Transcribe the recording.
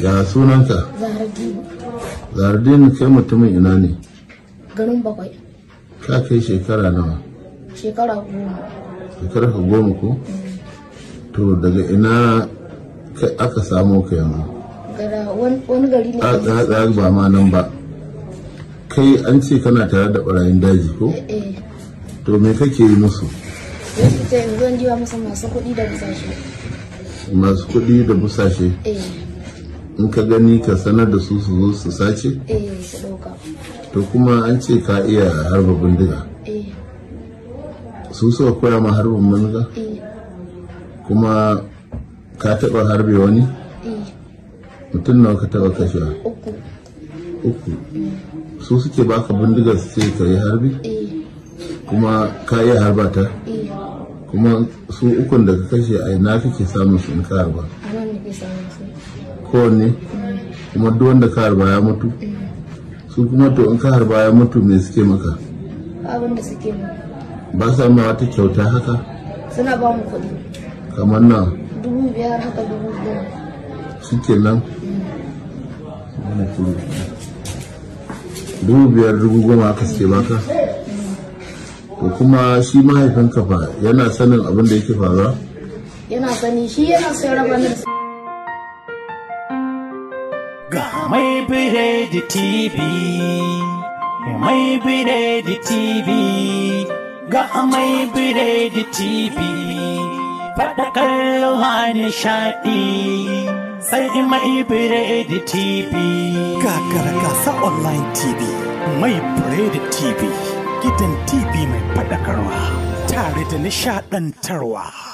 ya sunanka? zardin Zahardin kai mutumin ina ne? Garin bakwai. Ka kai shekara nawa? Shekara goma. Shekara ka goma ko? Mm. To, daga ina aka samo ka yanzu wani gari ne a ba ma nan ba kai an ce kana tare da barayin daji ko eh, eh. to me kake yi musu masu kuɗi da busashe eh. in ka gani ka sanar da su su zo su sace to kuma an ce ka iya harba bindiga su suka koya ma harba bindiga kuma ka taɓa harbe wani? Eh. mutum nawa ka taɓa kashewa? uku uku su suke baka bindigar su ce ka yi harbi? Eh. kuma ka yi harbata? Eh. kuma su ukun da ka kashe a ina kake samun su in ka harba? kowanne kuma duk wanda ka harba ya mutu? su kuma to in ka harba ya mutu me suke maka? suke maka ba sa ma wata kyauta haka? suna ba mu kuɗi kamar nawa biyar haka dubu goma shi ke nan dubu biyar dubu goma suke baka kuma shi mahaifinka fa yana sanin abin da yake faruwa yana sani shi yana sai ga mai biredi tv mai biredi tv ga mai biredi tv faɗakar ruwa nishaɗi sai mai biredi TV. Gagara gasa online TV, mai biredi TV, gidan TV mai faɗakarwa tare da nishaɗantarwa.